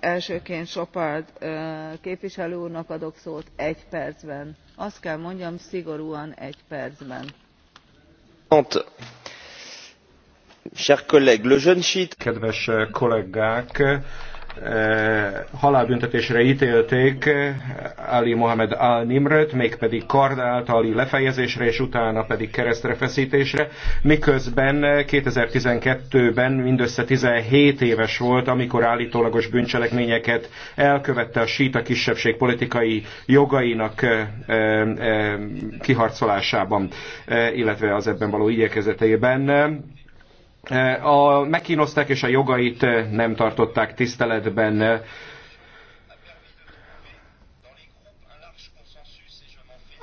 elsőként chopard képviselő úrnak adok szót egy percben. azt kell mondjam szigorúan egy percben. kedves kollégák! Eh, halálbüntetésre ítélték eh, Ali Mohamed al-Nimröt, mégpedig kard általi lefejezésre, és utána pedig keresztre feszítésre, miközben 2012-ben eh, mindössze 17 éves volt, amikor állítólagos bűncselekményeket elkövette a síta kisebbség politikai jogainak kiharcolásában, illetve az ebben való igyekezeteiben a, megkínozták és a jogait eh, nem tartották tiszteletben.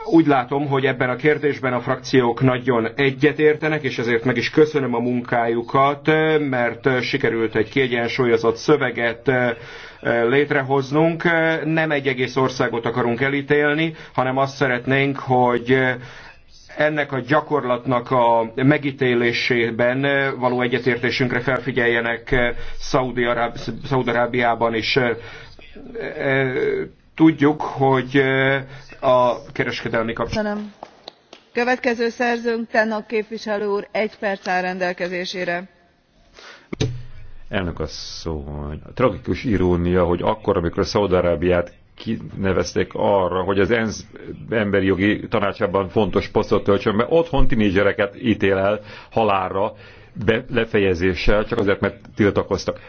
Úgy látom, hogy ebben a kérdésben a frakciók nagyon egyetértenek, és ezért meg is köszönöm a munkájukat, mert sikerült egy kiegyensúlyozott szöveget eh, létrehoznunk. Nem egy egész országot akarunk elítélni, hanem azt szeretnénk, hogy eh, ennek a gyakorlatnak a megítélésében való egyetértésünkre felfigyeljenek eh, Szaudarábiában is. Eh, eh, tudjuk, hogy a kereskedelmi kapcsolat. Következő szerzőnk Tennak képviselő úr egy perc áll rendelkezésére. Elnök asszony, a tragikus irónia, hogy akkor, amikor Szaudarábiát kinevezték arra, hogy az ENSZ emberi jogi tanácsában fontos posztot töltsön mert otthon tinédzsereket ítél el halálra, be, lefejezéssel, csak azért, mert tiltakoztak.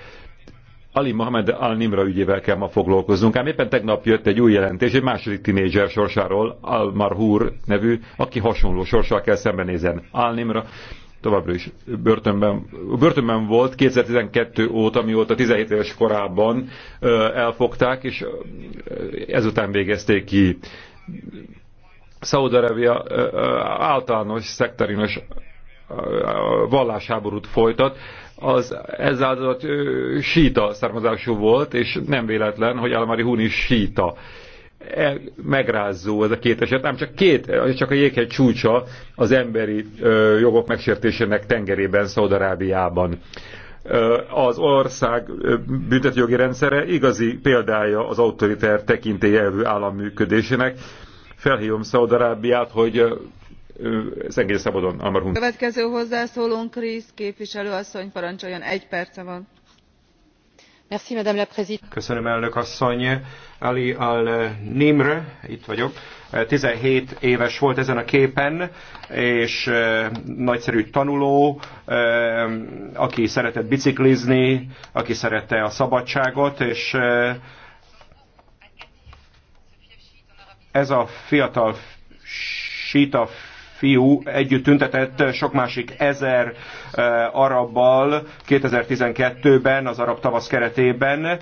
Ali Mohamed Al-Nimra ügyével kell ma foglalkoznunk. Ám éppen tegnap jött egy új jelentés egy második tinédzser sorsáról, Al-Marhur nevű, aki hasonló sorssal kell szembenézen. Al-Nimra továbbra is börtönben, börtönben volt 2012 óta, mióta 17 éves korában elfogták, és ezután végezték ki. Szaudarevia általános, szektárinos vallásháborút folytat, az ezáltal síta származású volt, és nem véletlen, hogy Almari Hun is síta megrázó ez a két eset, nem csak két, csak a jéghegy csúcsa az emberi ö, jogok megsértésének tengerében, Szaudarábiában. Az ország büntetőjogi rendszere igazi példája az autoriter tekintélyelvű államműködésének Felhívom Szaudarábiát, hogy szengélye szabadon, Hun. Következő hozzászólónk Krisz képviselő asszony, parancsoljon, egy perce van. Merci, Madame la Köszönöm, elnök asszony Ali al-Nimr, itt vagyok, 17 eh, éves volt ezen a képen, és eh, nagyszerű tanuló, eh, aki szeretett biciklizni, aki szerette a szabadságot, és ez a fiatal síta fiú együtt tüntetett sok másik ezer eh, arabbal 2012-ben, az arab tavasz keretében.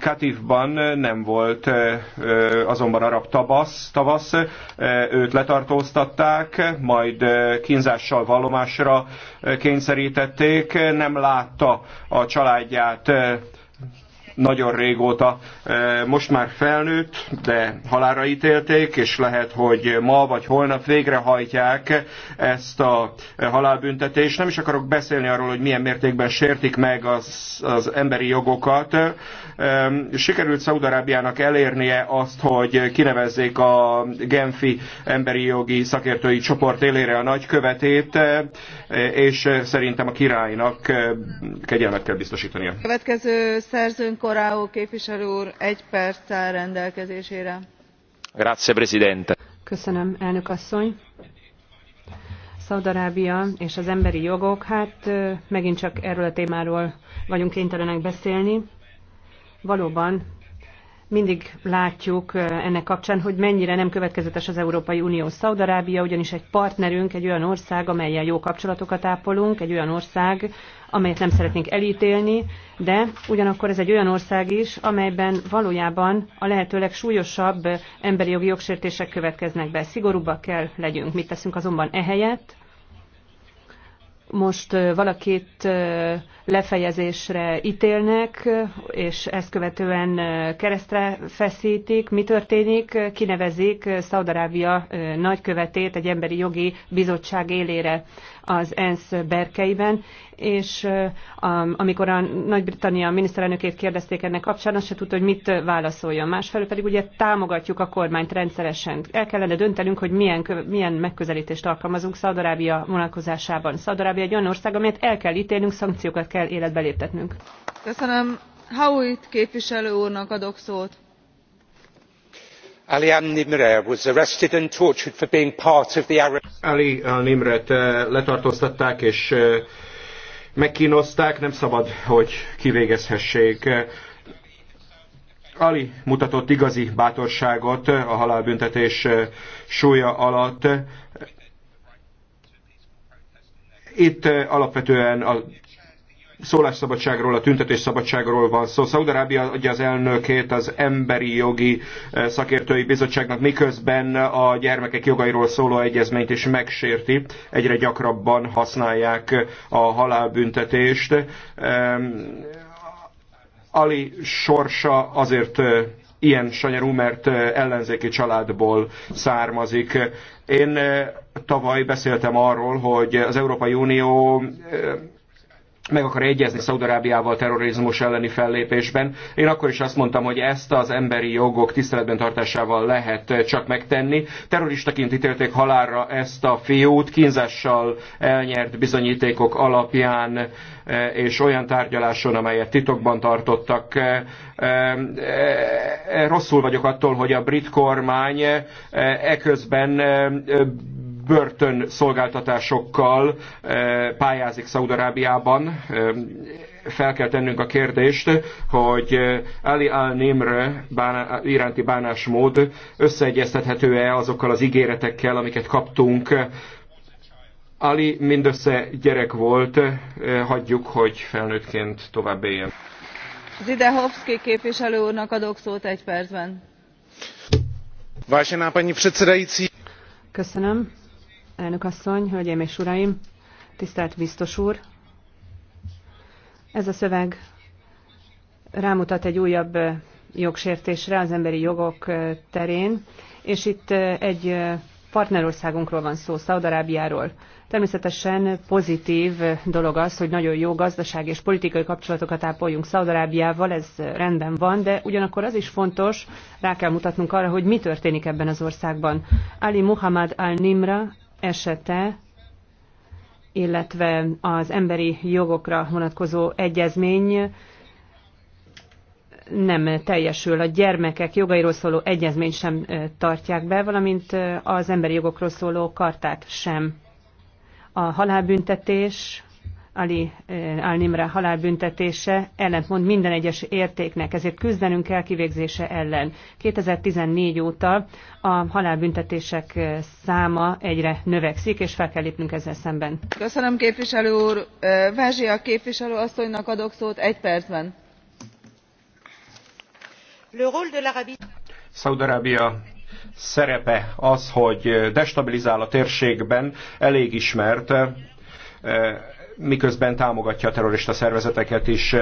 Katifban nem volt eh, eh, azonban arab tavasz, tavasz őt letartóztatták, majd kínzással vallomásra kényszerítették, nem látta a családját nagyon régóta. Most már felnőtt, de halára ítélték, és lehet, hogy ma vagy holnap végrehajtják ezt a halálbüntetést. Nem is akarok beszélni arról, hogy milyen mértékben sértik meg az, az emberi jogokat. Sikerült Szaudarábiának elérnie azt, hogy kinevezzék a Genfi emberi jogi szakértői csoport élére a nagykövetét, és szerintem a királynak kegyelmet kell biztosítania. Következő szerzőnk egy perc Köszönöm, elnök asszony. arábia és az emberi jogok, hát megint csak erről a témáról vagyunk kénytelenek beszélni. Valóban mindig látjuk ennek kapcsán, hogy mennyire nem következetes az Európai Unió. Szaudarábia ugyanis egy partnerünk, egy olyan ország, amelyen jó kapcsolatokat ápolunk, egy olyan ország, amelyet nem szeretnénk elítélni, de ugyanakkor ez egy olyan ország is, amelyben valójában a lehetőleg súlyosabb emberi jogi jogsértések következnek be. Szigorúbbak kell legyünk. Mit teszünk azonban ehelyett? most valakit lefejezésre ítélnek, és ezt követően keresztre feszítik. Mi történik? Kinevezik Szaudarábia nagykövetét egy emberi jogi bizottság élére az ENSZ berkeiben, és amikor a Nagy-Britannia miniszterelnökét kérdezték ennek kapcsán, azt se tudta, hogy mit válaszoljon. Másfelől pedig ugye támogatjuk a kormányt rendszeresen. El kellene döntenünk, hogy milyen, milyen megközelítést alkalmazunk Szaudarábia vonatkozásában. Szaudarábia Jugoszlávia egy olyan ország, amelyet el kell ítélnünk, szankciókat kell életbe léptetnünk. Köszönöm. Howitt képviselő úrnak adok szót. Ali Al-Nimr was arrested and tortured for being part of the Arab... Ali Al-Nimret eh, letartóztatták és eh, megkínozták, nem szabad, hogy kivégezhessék. Ali mutatott igazi bátorságot eh, a halálbüntetés súlya alatt. Itt alapvetően a szólásszabadságról, a tüntetés szabadságról van szó. Szaudarábia adja az elnökét az Emberi Jogi Szakértői Bizottságnak, miközben a gyermekek jogairól szóló egyezményt is megsérti. Egyre gyakrabban használják a halálbüntetést. Ali sorsa azért ilyen sanyarú, mert ellenzéki családból származik. Én tavaly beszéltem arról, hogy az Európai Unió meg akar egyezni Szaudarábiával terrorizmus elleni fellépésben. Én akkor is azt mondtam, hogy ezt az emberi jogok tiszteletben tartásával lehet csak megtenni. Terroristaként ítélték halálra ezt a fiút, kínzással elnyert bizonyítékok alapján eh, és olyan tárgyaláson, amelyet titokban tartottak. Eh, eh, rosszul vagyok attól, hogy a brit kormány eközben börtön szolgáltatásokkal eh, pályázik Szaudarábiában. Eh, fel kell tennünk a kérdést, hogy eh, Ali al-Nimr báná, iránti bánásmód összeegyeztethető-e azokkal az ígéretekkel, amiket kaptunk. Ali mindössze gyerek volt, hagyjuk, hogy felnőttként tovább éljen. Zidehovszki képviselő úrnak adok szót egy percben. Vážená paní předsedající, Köszönöm elnök asszony, hölgyeim és uraim, tisztelt biztos úr! Ez a szöveg rámutat egy újabb jogsértésre az emberi jogok terén, és itt egy partnerországunkról van szó, Szaudarábiáról. Természetesen pozitív dolog az, hogy nagyon jó gazdaság és politikai kapcsolatokat ápoljunk Szaudarábiával, ez rendben van, de ugyanakkor az is fontos, rá kell mutatnunk arra, hogy mi történik ebben az országban. Ali Muhammad al-Nimra esete, illetve az emberi jogokra vonatkozó egyezmény nem teljesül. A gyermekek jogairól szóló egyezményt sem tartják be, valamint az emberi jogokról szóló kartát sem. A halálbüntetés Ali eh, Al-Nimra halálbüntetése ellentmond minden egyes értéknek, ezért küzdenünk kell kivégzése ellen. 2014 óta a halálbüntetések eh, száma egyre növekszik, és fel kell lépnünk ezzel szemben. Köszönöm képviselő úr. Eh, a képviselő asszonynak adok szót egy percben. Szaudarábia szerepe az, hogy destabilizál a térségben, elég ismert miközben támogatja a terrorista szervezeteket is.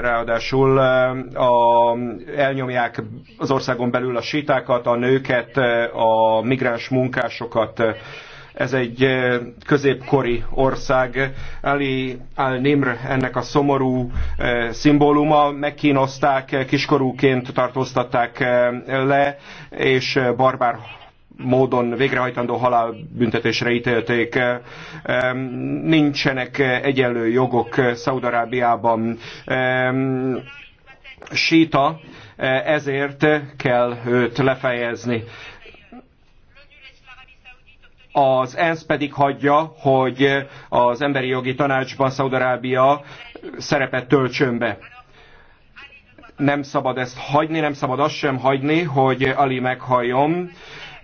Ráadásul a, elnyomják az országon belül a sítákat, a nőket, a migráns munkásokat, ez egy középkori ország. Ali al-Nimr ennek a szomorú szimbóluma. Megkínozták, kiskorúként tartóztatták le, és barbár módon végrehajtandó halálbüntetésre ítélték. Nincsenek egyenlő jogok Szaudarábiában. Síta, ezért kell őt lefejezni az ENSZ pedig hagyja, hogy az emberi jogi tanácsban Szaudarábia szerepet töltsön be. Nem szabad ezt hagyni, nem szabad azt sem hagyni, hogy Ali meghalljon.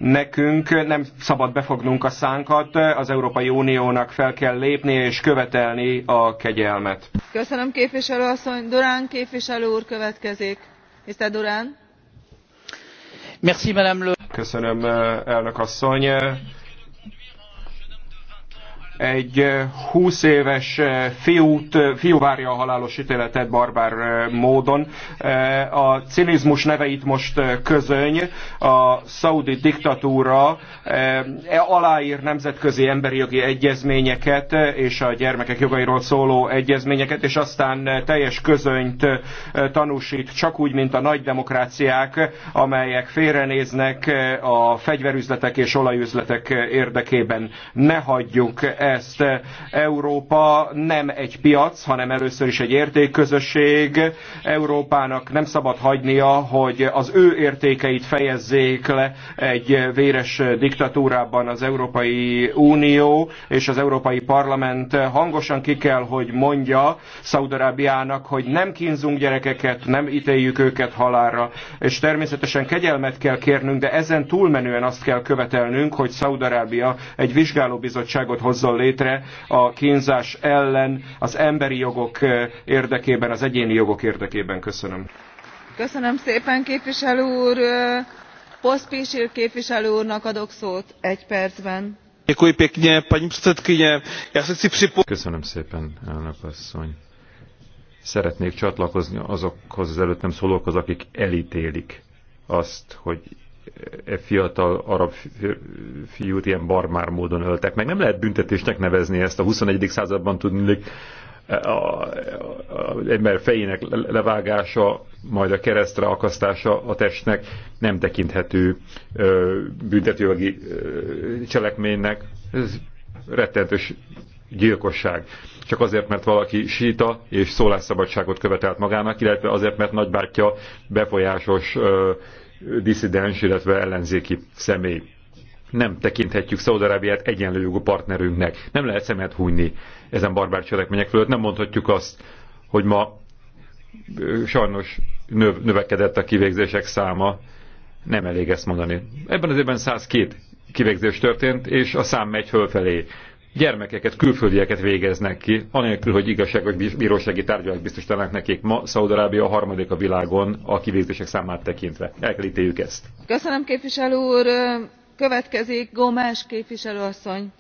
Nekünk nem szabad befognunk a szánkat, az Európai Uniónak fel kell lépni és követelni a kegyelmet. Köszönöm képviselő asszony. Durán képviselő úr következik. Mr. Durán. Merci, Madame Köszönöm, elnök asszony egy 20 éves fiút, fiú várja a halálos ítéletet barbár módon. A cinizmus itt most közöny. A szaudi diktatúra e aláír nemzetközi emberi jogi egyezményeket és a gyermekek jogairól szóló egyezményeket, és aztán teljes közönyt tanúsít, csak úgy, mint a nagy demokráciák, amelyek félrenéznek a fegyverüzletek és olajüzletek érdekében. Ne hagyjuk ezt. E, Európa nem egy piac, hanem először is egy értékközösség. Európának nem szabad hagynia, hogy az ő értékeit fejezzék le egy véres diktatúrában az Európai Unió és az Európai Parlament hangosan ki kell, hogy mondja Szaudarábiának, hogy nem kínzunk gyerekeket, nem ítéljük őket halálra, és természetesen kegyelmet kell kérnünk, de ezen túlmenően azt kell követelnünk, hogy Szaudarábia egy vizsgálóbizottságot hozzon létre a kínzás ellen, az emberi jogok érdekében, az egyéni jogok érdekében. Köszönöm. Köszönöm szépen, képviselő úr. Pospísil képviselő úrnak adok szót egy percben. Köszönöm szépen, elnök asszony szeretnék csatlakozni azokhoz az előttem szólókhoz, akik elítélik azt, hogy e fiatal arab fiút ilyen barmár módon öltek meg. Nem lehet büntetésnek nevezni ezt a 21. században tudni, az ember fejének levágása, majd a keresztre akasztása a testnek nem tekinthető büntetőjogi cselekménynek. Ez rettentős gyilkosság. Csak azért, mert valaki síta és szólásszabadságot követelt magának, illetve azért, mert nagybátyja befolyásos diszidens, illetve ellenzéki személy. Nem tekinthetjük Szaudarábiát egyenlő jogú partnerünknek. Nem lehet szemet hújni ezen barbár cselekmények fölött. Nem mondhatjuk azt, hogy ma sajnos növ, növekedett a kivégzések száma. Nem elég ezt mondani. Ebben az évben 102 kivégzés történt, és a szám megy fölfelé gyermekeket, külföldieket végeznek ki, anélkül, hogy igazságos bírósági tárgyalást biztosítanak nekik. Ma Szaudarábia a harmadik a világon a kivégzések számát tekintve. El kell ítéljük ezt. Köszönöm képviselő úr. Következik Gómez képviselő asszony.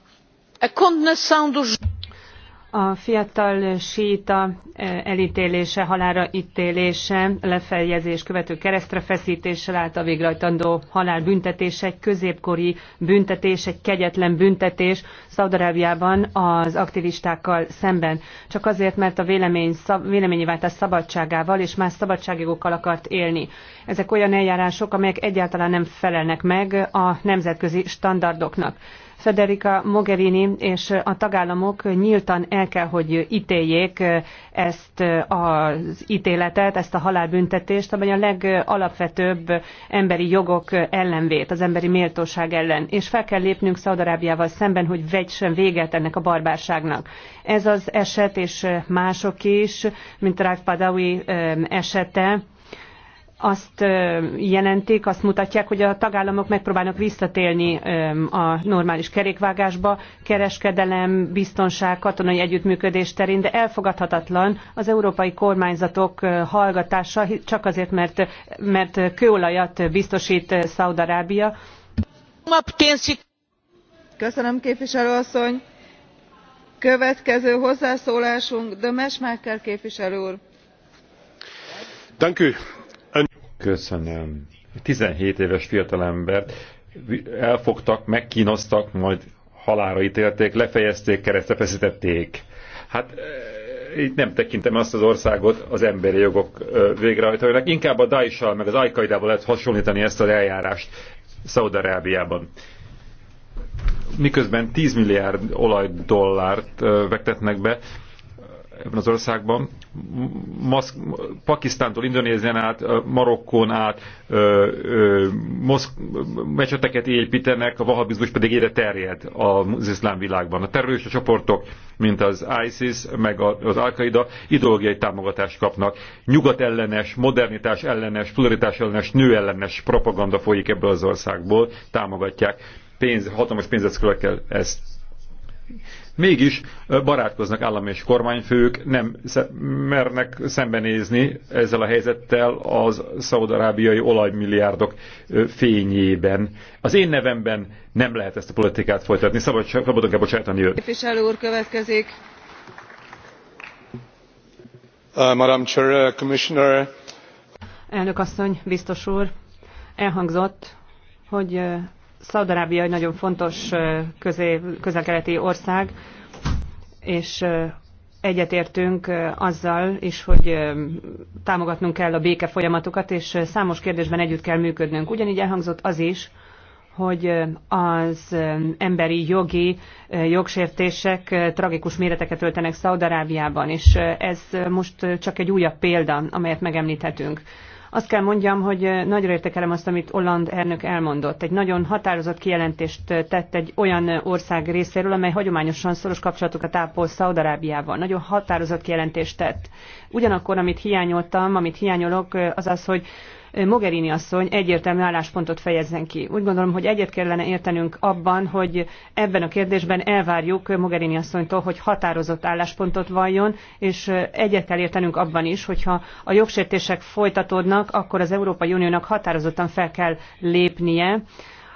A fiatal síta e, elítélése, halára ítélése, lefeljezés követő keresztre feszítéssel állt a végrehajtandó halál büntetése, egy középkori büntetés, egy kegyetlen büntetés Szaudarábiában az aktivistákkal szemben. Csak azért, mert a vélemény, szab, véleményváltás szabadságával és más szabadságjogokkal akart élni. Ezek olyan eljárások, amelyek egyáltalán nem felelnek meg a nemzetközi standardoknak. Federica Mogherini és a tagállamok nyíltan el kell, hogy ítéljék ezt az ítéletet, ezt a halálbüntetést, amely a legalapvetőbb emberi jogok ellenvét, az emberi méltóság ellen. És fel kell lépnünk Szaudarábiával szemben, hogy vegysen véget ennek a barbárságnak. Ez az eset és mások is, mint Ralph Padawi eh, esete, azt jelentik, azt mutatják, hogy a tagállamok megpróbálnak visszatélni a normális kerékvágásba, kereskedelem, biztonság, katonai együttműködés terén, de elfogadhatatlan az európai kormányzatok hallgatása csak azért, mert, mert kőolajat biztosít Szaudarábia. Köszönöm képviselő asszony. Következő hozzászólásunk Dömes Máker képviselő úr. Thank Köszönöm. 17 éves fiatalembert elfogtak, megkínoztak, majd halára ítélték, lefejezték, keresztre feszítették. Hát itt e, nem tekintem azt az országot az emberi jogok e, végrehajtójának. Inkább a daesh meg az al lehet hasonlítani ezt az eljárást Szaudarábiában. Miközben 10 milliárd olajdollárt e, vektetnek be, ebben az országban, Maszk, Pakisztántól, Indonézián át, Marokkon át, mecseteket építenek, a vahabizmus pedig ére terjed az iszlám világban. A terrorista csoportok, mint az ISIS, meg az al qaeda ideológiai támogatást kapnak. Nyugat ellenes, modernitás ellenes, pluralitás ellenes, nő ellenes propaganda folyik ebből az országból, támogatják. Pénz, hatalmas pénzeszkölökkel ezt Mégis barátkoznak állam és kormányfők, nem mernek szembenézni ezzel a helyzettel az szaudarábiai olajmilliárdok fényében. Az én nevemben nem lehet ezt a politikát folytatni, szabad, szabadon kell bocsájtani őt. Képviselő úr következik. Uh, Madam Chair, uh, Commissioner. Elnök asszony, biztos úr, elhangzott, hogy Szaudarábia egy nagyon fontos közel-keleti ország, és egyetértünk azzal is, hogy támogatnunk kell a béke folyamatokat, és számos kérdésben együtt kell működnünk. Ugyanígy elhangzott az is, hogy az emberi jogi jogsértések tragikus méreteket öltenek Szaudarábiában, és ez most csak egy újabb példa, amelyet megemlíthetünk. Azt kell mondjam, hogy nagyra értékelem azt, amit Holland elnök elmondott. Egy nagyon határozott kijelentést tett egy olyan ország részéről, amely hagyományosan szoros kapcsolatokat ápol Szaudarábiával. Nagyon határozott kijelentést tett. Ugyanakkor, amit hiányoltam, amit hiányolok, az az, hogy Mogherini asszony egyértelmű álláspontot fejezzen ki. Úgy gondolom, hogy egyet kellene értenünk abban, hogy ebben a kérdésben elvárjuk Mogherini asszonytól, hogy határozott álláspontot valljon, és egyet kell értenünk abban is, hogyha a jogsértések folytatódnak, akkor az Európai Uniónak határozottan fel kell lépnie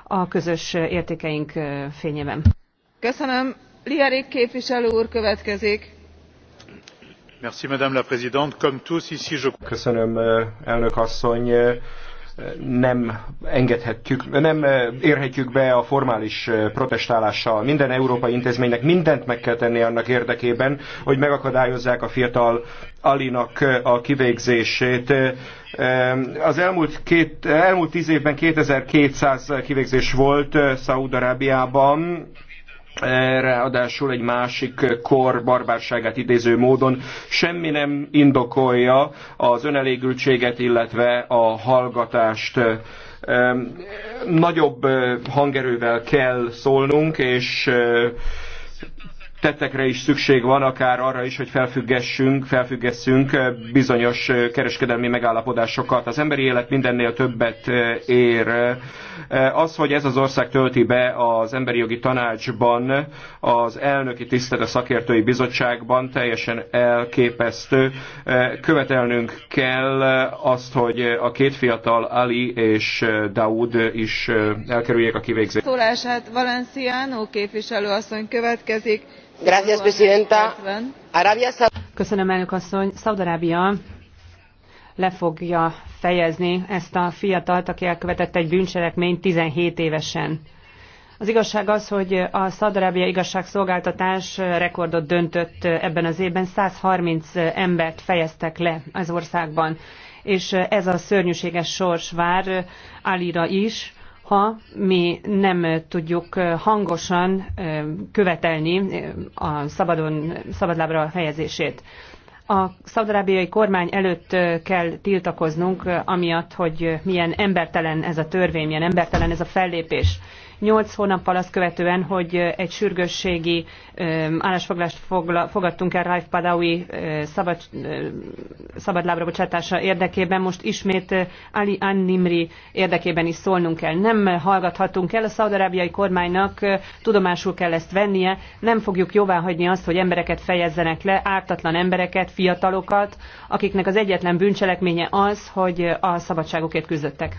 a közös értékeink fényében. Köszönöm. Liarik képviselő úr következik. Köszönöm, eh, elnök asszony. Eh, nem engedhetjük, nem eh, érhetjük be a formális protestálással. Minden európai intézménynek mindent meg kell tenni annak érdekében, hogy megakadályozzák a fiatal Alinak a kivégzését. Az elmúlt, két, elmúlt tíz évben 2200 kivégzés volt Szaúd-Arábiában ráadásul egy másik kor barbárságát idéző módon semmi nem indokolja az önelégültséget, illetve a hallgatást nagyobb hangerővel kell szólnunk, és tettekre is szükség van, akár arra is, hogy felfüggessünk, felfüggesszünk eh, bizonyos eh, kereskedelmi megállapodásokat. Az emberi élet mindennél többet eh, ér. Az, hogy ez az ország tölti be az emberi jogi tanácsban, az elnöki tisztet a szakértői bizottságban teljesen elképesztő. Követelnünk kell azt, hogy a két fiatal Ali és Daoud is elkerüljék a kivégzést. Szólását Valenciano képviselő asszony következik szaúd arábia Köszönöm, elnök le fogja fejezni ezt a fiatalt, aki elkövetett egy bűncselekményt tizenhét évesen. Az igazság az, hogy a Szaudarábia igazságszolgáltatás rekordot döntött ebben az évben. 130 embert fejeztek le az országban. És ez a szörnyűséges sors vár Alira is, ha mi nem tudjuk hangosan követelni a szabadon, szabadlábra helyezését. A szaudarábiai kormány előtt kell tiltakoznunk, amiatt, hogy milyen embertelen ez a törvény, milyen embertelen ez a fellépés. Nyolc hónappal azt követően, hogy egy sürgősségi állásfoglást fogadtunk el Raif Padawi szabad, szabadlábra bocsátása érdekében, most ismét Ali Annimri érdekében is szólnunk kell. Nem hallgathatunk el, a szaudarábiai kormánynak tudomásul kell ezt vennie, nem fogjuk jóvá hagyni azt, hogy embereket fejezzenek le, ártatlan embereket, fiatalokat, akiknek az egyetlen bűncselekménye az, hogy a szabadságokért küzdöttek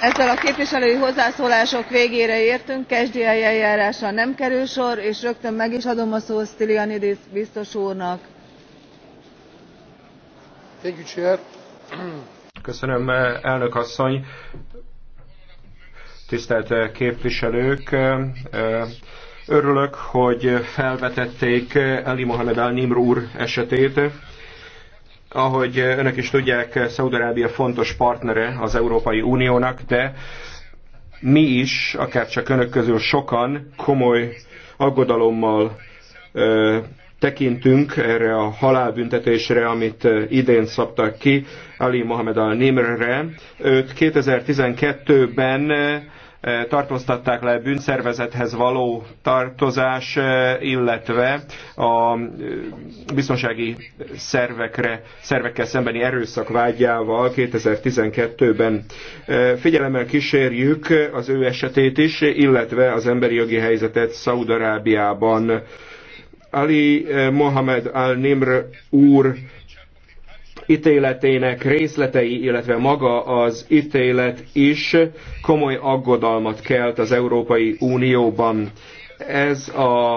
ezzel a képviselői hozzászólások végére értünk catch the eye eljárásra nem kerül sor és rögtön meg is adom a szót stylianides biztos úrnak. Köszönöm, elnök asszony tisztelt képviselők örülök hogy felvetették ali mohamed al nimr úr esetét ahogy önök is tudják, Szaudarábia fontos partnere az Európai Uniónak, de mi is, akár csak önök közül sokan komoly aggodalommal ö, tekintünk erre a halálbüntetésre, amit idén szabtak ki Ali Mohamed al-Nimrre. Őt 2012-ben tartóztatták le bűnszervezethez való tartozás, illetve a biztonsági szervekre, szervekkel szembeni erőszak vágyával 2012-ben. Figyelemmel kísérjük az ő esetét is, illetve az emberi jogi helyzetet Szaudarábiában. Ali Mohamed Al-Nimr úr ítéletének részletei, illetve maga az ítélet is komoly aggodalmat kelt az Európai Unióban. Ez a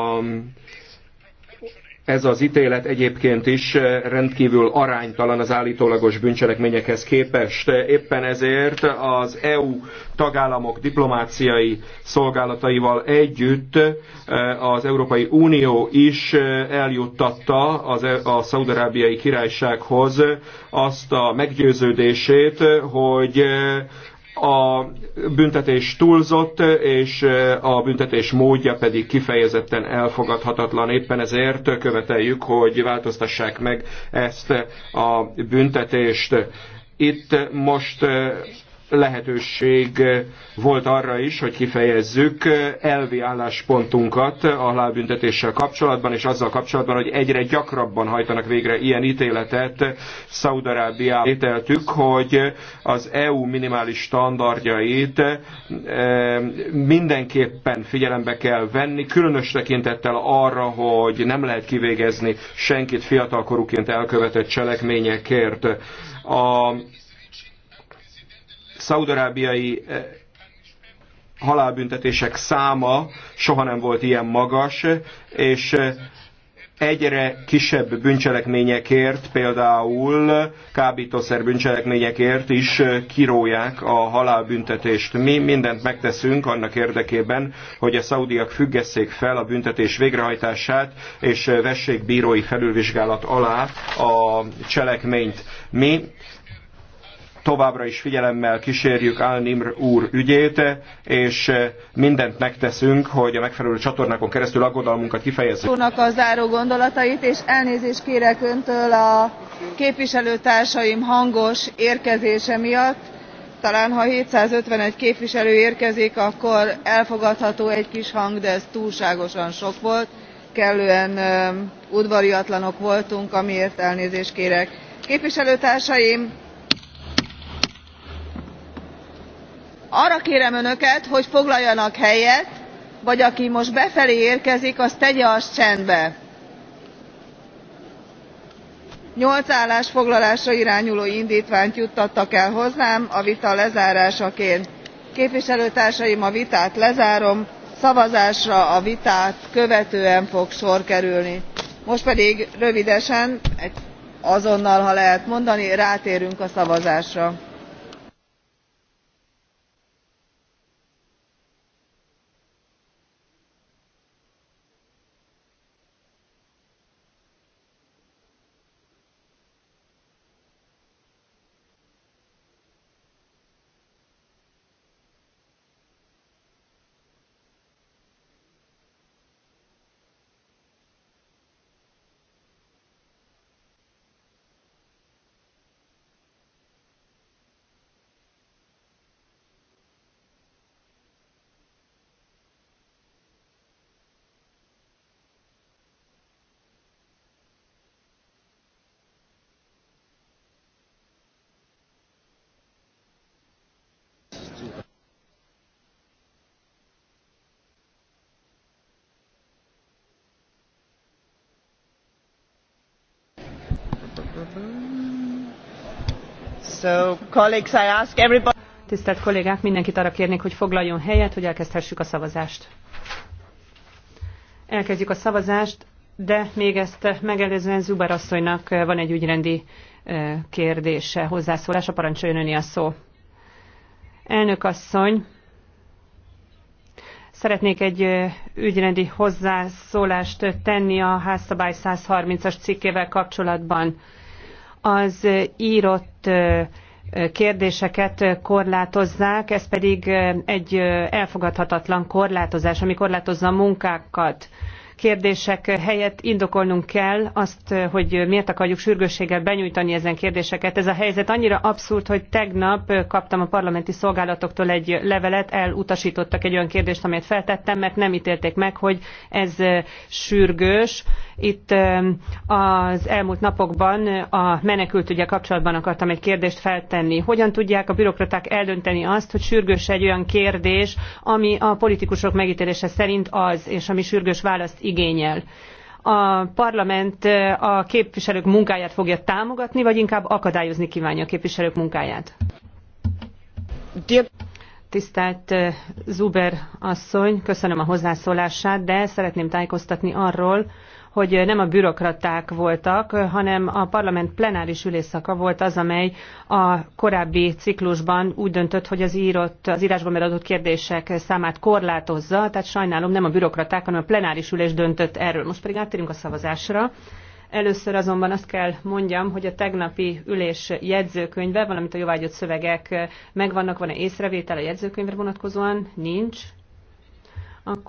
ez az ítélet egyébként is eh, rendkívül aránytalan az állítólagos bűncselekményekhez képest. Éppen ezért az EU tagállamok diplomáciai szolgálataival együtt eh, az Európai Unió is eh, eljuttatta e- a Szaudarábiai Királysághoz azt a meggyőződését, hogy a büntetés túlzott, és a büntetés módja pedig kifejezetten elfogadhatatlan. Éppen ezért követeljük, hogy változtassák meg ezt a büntetést. Itt most lehetőség volt arra is, hogy kifejezzük elvi álláspontunkat a halálbüntetéssel kapcsolatban, és azzal kapcsolatban, hogy egyre gyakrabban hajtanak végre ilyen ítéletet. Szaudarábiá ételtük, hogy az EU minimális standardjait eh, mindenképpen figyelembe kell venni, különös tekintettel arra, hogy nem lehet kivégezni senkit fiatalkorúként elkövetett cselekményekért. A szaudarábiai eh, halálbüntetések száma soha nem volt ilyen magas, és eh, egyre kisebb bűncselekményekért, például kábítószer bűncselekményekért is eh, kirólják a halálbüntetést. Mi mindent megteszünk annak érdekében, hogy a szaudiak függesszék fel a büntetés végrehajtását, és vessék bírói felülvizsgálat alá a cselekményt. Mi továbbra is figyelemmel kísérjük Álnimr úr ügyét, és eh, mindent megteszünk, hogy a megfelelő csatornákon keresztül aggodalmunkat kifejezzük. Úrnak a záró gondolatait, és elnézést kérek öntől a képviselőtársaim hangos érkezése miatt. Talán ha 751 képviselő érkezik, akkor elfogadható egy kis hang, de ez túlságosan sok volt. Kellően eh, udvariatlanok voltunk, amiért elnézést kérek. Képviselőtársaim, arra kérem önöket hogy foglaljanak helyet vagy aki most befelé érkezik az tegye azt csendbe. nyolc állásfoglalásra irányuló indtványt juttattak el hozzám a vita lezárásaként. képviselőtársaim a vitát lezárom szavazásra a vitát követően fog sor kerülni. most pedig rövidesen azonnal ha lehet mondani rátérünk a szavazásra. Tisztelt kollégák, mindenkit arra kérnék, hogy foglaljon helyet, hogy elkezdhessük a szavazást. Elkezdjük a szavazást, de még ezt megelőzően Zubar asszonynak van egy ügyrendi kérdése, hozzászólása, parancsoljon öni a szó. Elnök asszony, szeretnék egy ügyrendi hozzászólást tenni a házszabály 130-as cikkével kapcsolatban az írott kérdéseket korlátozzák, ez pedig egy elfogadhatatlan korlátozás, ami korlátozza a munkákat. Kérdések helyett indokolnunk kell azt, hogy miért akarjuk sürgősséggel benyújtani ezen kérdéseket. Ez a helyzet annyira abszurd, hogy tegnap kaptam a parlamenti szolgálatoktól egy levelet, elutasítottak egy olyan kérdést, amelyet feltettem, mert nem ítélték meg, hogy ez sürgős, itt az elmúlt napokban a menekültügyek kapcsolatban akartam egy kérdést feltenni. Hogyan tudják a bürokraták eldönteni azt, hogy sürgős egy olyan kérdés, ami a politikusok megítélése szerint az, és ami sürgős választ igényel? a parlament eh, a képviselők munkáját fogja támogatni, vagy inkább akadályozni kívánja a képviselők munkáját? Tisztelt eh, Zuber asszony, köszönöm a hozzászólását, de szeretném tájékoztatni arról, hogy nem a bürokraták voltak, hanem a parlament plenáris ülésszaka volt az, amely a korábbi ciklusban úgy döntött, hogy az, írott, az írásban beadott kérdések számát korlátozza, tehát sajnálom nem a bürokraták, hanem a plenáris ülés döntött erről. Most pedig áttérünk a szavazásra. Először azonban azt kell mondjam, hogy a tegnapi ülés jegyzőkönyve, valamint a jóvágyott szövegek megvannak, van-e észrevétel a jegyzőkönyvre vonatkozóan? Nincs.